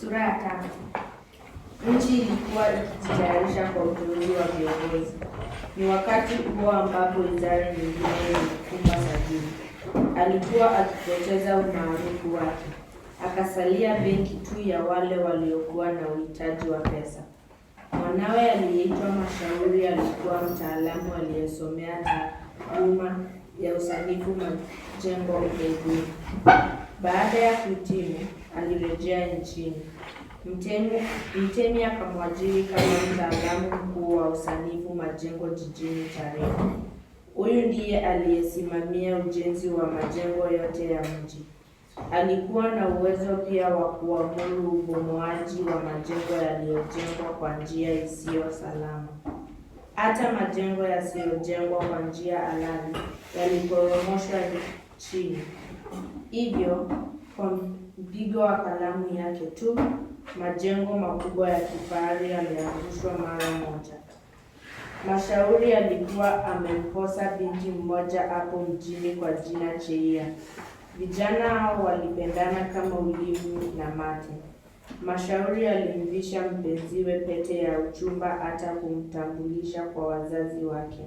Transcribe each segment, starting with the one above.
Sura ya tano. Nchi ilikuwa ikijitayarisha kwa uteuzi wa viongozi. Ni wakati huo ambapo wizara nyingine ilikumba Sabini. Alikuwa akipoteza umaarufu wake, akasalia benki tu ya wale waliokuwa na uhitaji wa pesa. Mwanawe aliyeitwa Mashauri alikuwa mtaalamu aliyesomea taaluma ya usanifu majengo ulimwenguni. Baada ya kuhitimu, alirejea nchini. Mtemi Mtemi akamwajiri kama mtaalamu mkuu wa usanifu majengo jijini Tarehe. Huyu ndiye aliyesimamia ujenzi wa majengo yote ya mji. Alikuwa na uwezo pia wa kuamuru ubomoaji wa majengo yaliyojengwa kwa njia isiyo salama. Hata majengo yasiyojengwa kwa njia halali yaliporomoshwa chini. Hivyo kwa mpigo wa kalamu yake tu, majengo makubwa ya kifahari yameangushwa mara moja. Mashauri alikuwa amemposa binti mmoja hapo mjini kwa jina Cheia. Vijana hao walipendana kama ulimi na mate. Mashauri alimvisha mpenziwe pete ya uchumba hata kumtambulisha kwa wazazi wake.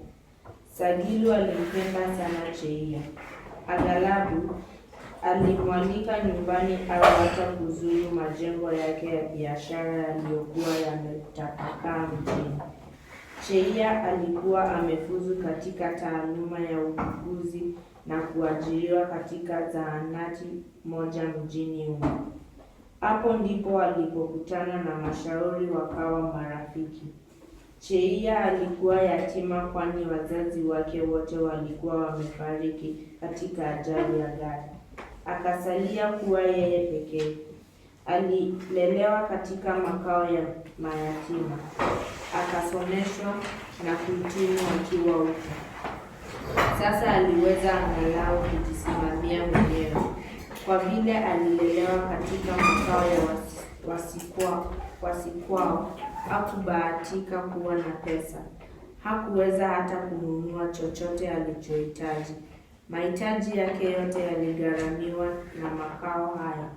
Sagilu alimpenda sana Cheia. Aghalabu alimwalika nyumbani au hata kuzuru majengo yake ya biashara yaliyokuwa yametapakaa mjini. Cheia alikuwa amefuzu katika taaluma ya uuguzi na kuajiriwa katika zahanati moja mjini humo. Hapo ndipo alipokutana na mashauri, wakawa marafiki. Cheia alikuwa yatima kwani wazazi wake wote walikuwa wamefariki katika ajali ya gari. Akasalia kuwa yeye pekee. Alilelewa katika makao ya mayatima, akasomeshwa na kuhitimu akiwa huko. Sasa aliweza angalau kujisimamia mwenyewe kwa vile alilelewa katika makao ya wasikwao wasikwao hakubahatika kuwa na pesa. Hakuweza hata kununua chochote alichohitaji. Mahitaji yake yote yaligharamiwa na makao haya.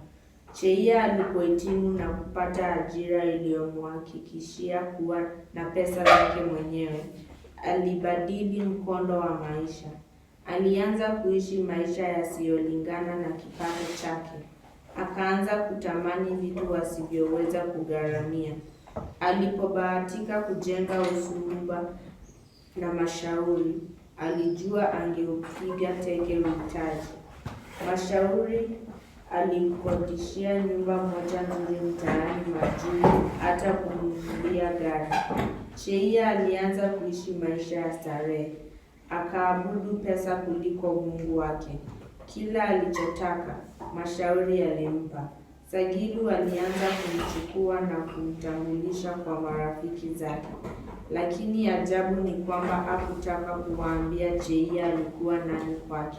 Cheia alipohitimu na kupata ajira iliyomhakikishia kuwa na pesa zake mwenyewe, alibadili mkondo wa maisha. Alianza kuishi maisha yasiyolingana na kipato chake. Akaanza kutamani vitu wasivyoweza kugharamia. Alipobahatika kujenga usuluba na Mashauri, alijua angeupiga teke mtaji. Mashauri alimkodishia nyumba moja nzuri mtaani Majini, hata kumnunulia gari. Sheia alianza kuishi maisha ya starehe, akaabudu pesa kuliko Mungu wake. Kila alichotaka Mashauri alimpa. Sagilu alianza kumchukua na kumtambulisha kwa marafiki zake, lakini ajabu ni kwamba hakutaka kuwaambia jeia alikuwa nani kwake.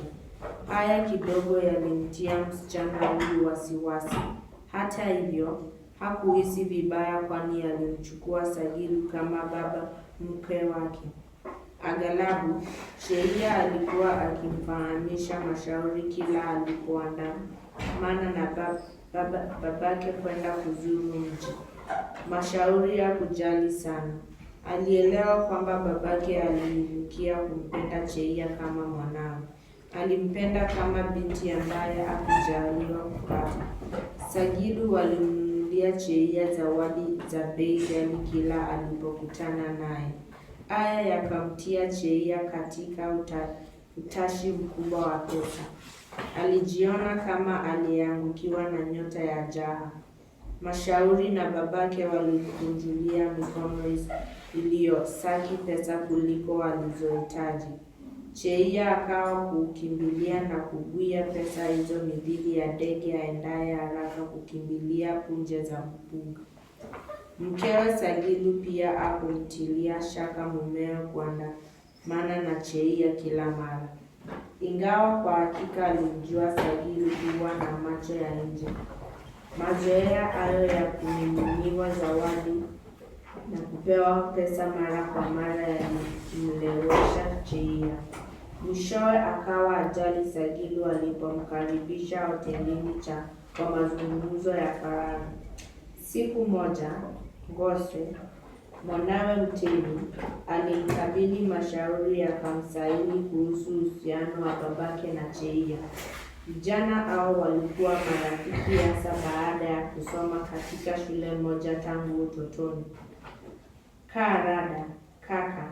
Haya kidogo yalimtia msichana huyu wasiwasi. Hata hivyo hakuhisi vibaya, kwani alimchukua Sagilu kama baba mkwe wake. Aghalabu Sheria alikuwa akimfahamisha mashauri kila alipoandamana na baba baba, babake kwenda kuzuru mji. Mashauri ya kujali sana. Alielewa kwamba babake aliinukia kumpenda Cheia kama mwanawe. Alimpenda kama binti ambaye hakujaliwa kupata. sajidu walimnunulia Cheia zawadi za bei ghali kila alipokutana naye. aya yakamtia Cheia katika uta, utashi mkubwa wa pesa. Alijiona kama aliyeangukiwa na nyota ya jaha. Mashauri na babake walikunjulia mikono iliyosaki pesa kuliko walizohitaji. Cheia akawa kukimbilia na kugwia pesa hizo mithili ya ndege aendaye haraka kukimbilia punje za mpunga. Mkewe Sagilu pia akumtilia shaka mumeo kuandamana na Cheia kila mara ingawa kwa hakika alimjua Sajili kuwa na macho ya nje. Mazoea hayo ya kumiminiwa zawadi na kupewa pesa mara kwa mara yalimlewesha Cheia. Mwishowe akawa ajali Sajili walipomkaribisha hotelini cha kwa mazungumzo ya faragha. Siku moja Ngose Mwanawe Mtemi alimkabidhi mashauri ya kamsaili kuhusu uhusiano wa babake na Cheia. Vijana hao walikuwa marafiki hasa baada ya kusoma katika shule moja tangu utotoni. karada kaka,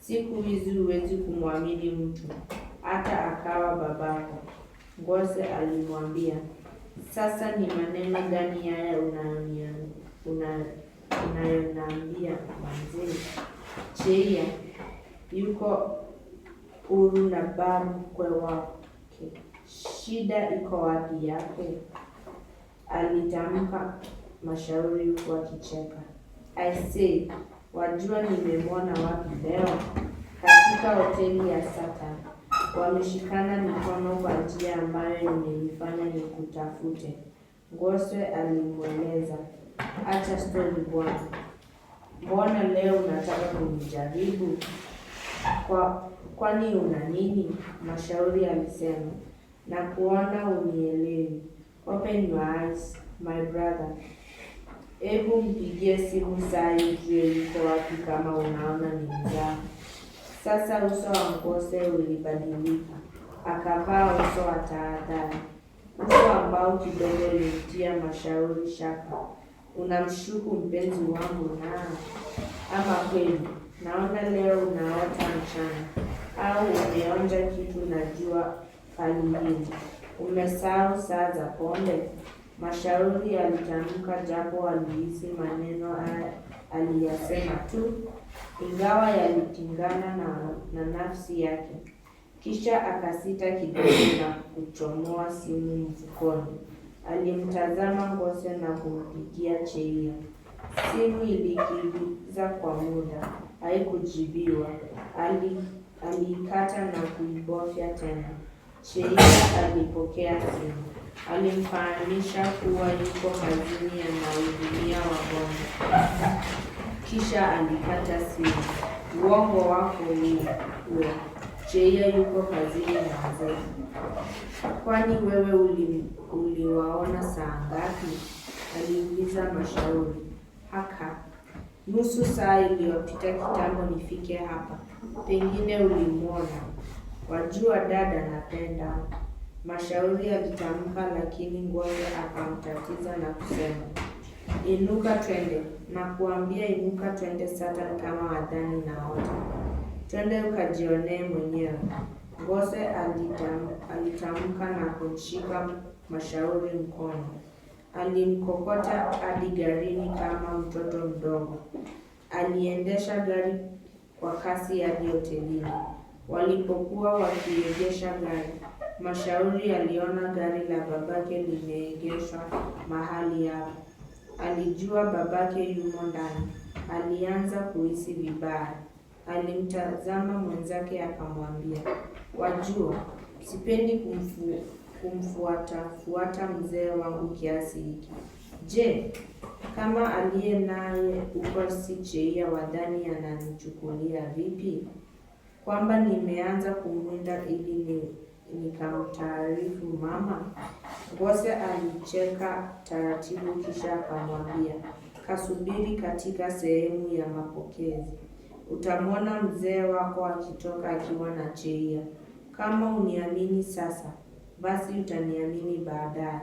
siku hizi huwezi kumwamini mtu hata akawa babako, Ngose alimwambia. Sasa ni maneno gani haya unayoniambia? una inayoniambia mzee Cheia yuko huru na ba mkwe wake, shida iko wapi yake? Alitamka mashauri huku akicheka. ise wajua nimemwona wapi leo? Katika hoteli ya Satan wameshikana mikono kwa njia ambayo imenifanya nikutafute, Ngoswe alimweleza. Acha stori Bwana, mbona leo unataka kunijaribu? Kwa kwani una nini? Mashauri alisema, na kuona unielewi. Open your eyes my brother. Hebu mpigie simu saa ujue yuko wapi, kama unaona ni mzaa. Sasa uso wa Mkose ulibadilika, akavaa uso wa tahadhari, uso ambao kidogo ulimtia Mashauri shaka unamshuku mpenzi wangu na ama kweli, naona leo unaota mchana au umeonja kitu na jua kali Umesahau saa za pombe. Mashauri alitamka japo alihisi maneno aliyasema tu, ingawa yalitingana na, na nafsi yake. Kisha akasita kidogo na kuchomoa simu mfukoni. Alimtazama Ngose na kumpigia cheia. Simu ilikiliza kwa muda, haikujibiwa. Ali- aliikata na kuibofya tena. Cheia alipokea simu, alimfahamisha kuwa yuko kazini anahudumia wagonjwa, kisha alikata simu. Uongo wako ni jeia yuko kazini na mzee. Kwani wewe uli, uliwaona saa ngapi? Aliuliza Mashauri. Haka, nusu saa iliyopita kitambo nifike hapa. Pengine ulimwona. Wajua dada, napenda Mashauri alitamka, lakini Ngwale akamtatiza na kusema, inuka twende, na kuambia inuka twende Satan kama wadhani naota twende ukajionee mwenyewe, Ngose alitam, alitamka na kumshika Mashauri mkono. Alimkokota hadi garini kama mtoto mdogo. Aliendesha gari kwa kasi hadi hotelini. Walipokuwa wakiegesha gari, Mashauri aliona gari la babake limeegeshwa mahali hapo. Alijua babake yumo ndani. Alianza kuhisi vibaya. Alimtazama mwenzake akamwambia, wajua, sipendi kumfu, fuata mzee wangu kiasi hiki. Je, kama aliye naye uko cheia, wadhani ananichukulia vipi? Kwamba nimeanza kumwinda ili nikamtaarifu mama? Ngose alicheka taratibu, kisha akamwambia, kasubiri katika sehemu ya mapokezi utamwona mzee wako akitoka akiwa na cheia. Kama uniamini sasa, basi utaniamini baadaye.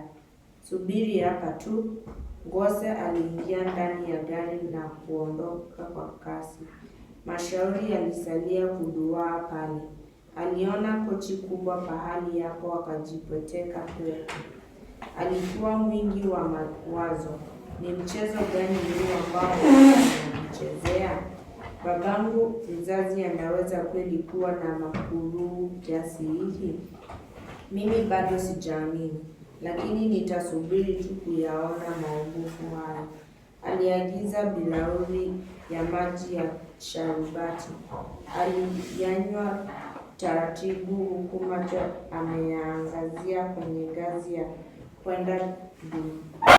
Subiri hapa tu. Ngose aliingia ndani ya gari na kuondoka kwa kasi. Mashauri yalisalia kuduaa pale. Aliona kochi kubwa pahali yako akajipweteka kwetu. Alikuwa mwingi wa mawazo. Ni mchezo gani huu ambao anamchezea? Babangu mzazi anaweza kweli kuwa na makuruhu kiasi hiki? Mimi bado sijaamini, lakini nitasubiri tu kuyaona mapungufu haya. Aliagiza bilauri ya maji ya sharubati. Aliyanywa taratibu, huku macho ameyaangazia kwenye ngazi ya kwenda juu.